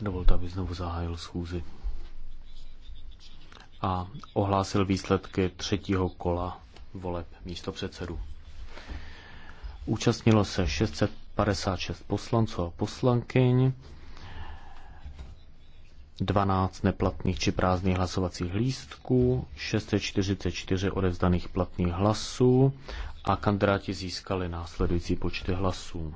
Dovolte, aby znovu zahájil schůzi a ohlásil výsledky třetího kola voleb místo předsedu. Účastnilo se 656 poslanců a poslankyň, 12 neplatných či prázdných hlasovacích lístků, 644 odevzdaných platných hlasů a kandidáti získali následující počty hlasů.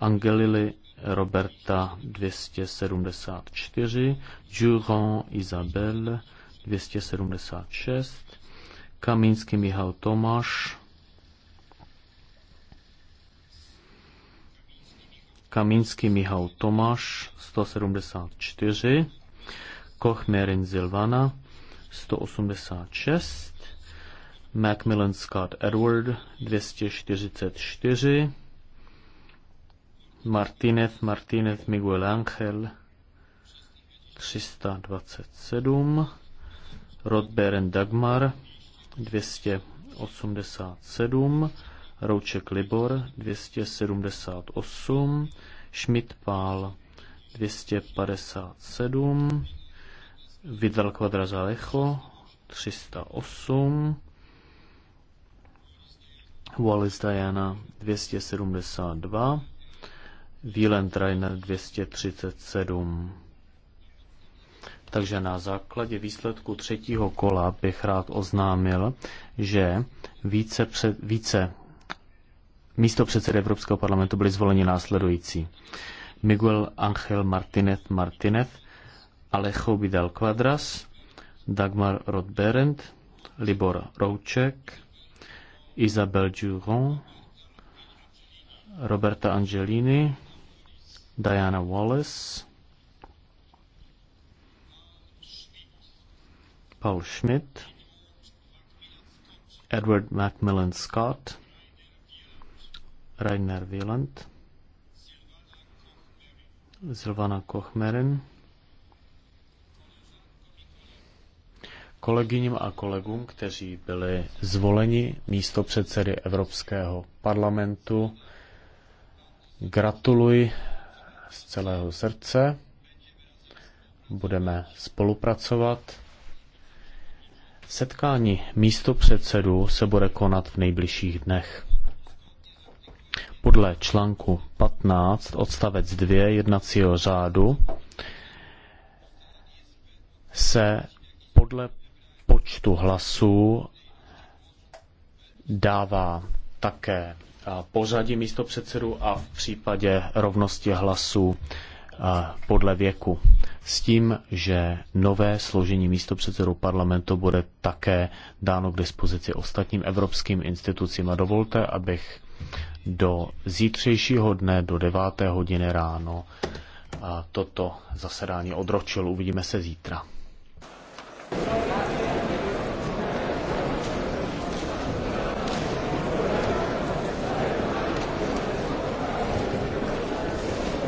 Angelili Roberta 274, Durand Isabel 276, Kamínský Michal Tomáš, Kamínský Michal Tomáš 174, Kochmerin Zilvana 186, Macmillan Scott Edward 244, Martinez, Martinez, Miguel Ángel 327, Rodberen Dagmar 287, Rouček Libor 278, Schmidt Pál 257, Vidal Quadrazalejo 308, Wallis Diana 272, Wielentrainer 237. Takže na základě výsledku třetího kola bych rád oznámil, že více, před, více místo předsedy Evropského parlamentu byli zvoleni následující. Miguel Ángel Martinez Martinez, Alejo Vidal Quadras, Dagmar Rodberend, Libor Rouček, Isabel Juron, Roberta Angelini, Diana Wallace, Paul Schmidt, Edward Macmillan Scott, Rainer Wieland, Silvana Kochmerin, kolegyním a kolegům, kteří byli zvoleni místo předsedy Evropského parlamentu. Gratuluji z celého srdce. Budeme spolupracovat. Setkání místo předsedů se bude konat v nejbližších dnech. Podle článku 15 odstavec 2 jednacího řádu se podle počtu hlasů dává také pořadí místo předsedu a v případě rovnosti hlasů podle věku. S tím, že nové složení místo předsedu parlamentu bude také dáno k dispozici ostatním evropským institucím. A dovolte, abych do zítřejšího dne do 9. hodiny ráno toto zasedání odročil. Uvidíme se zítra.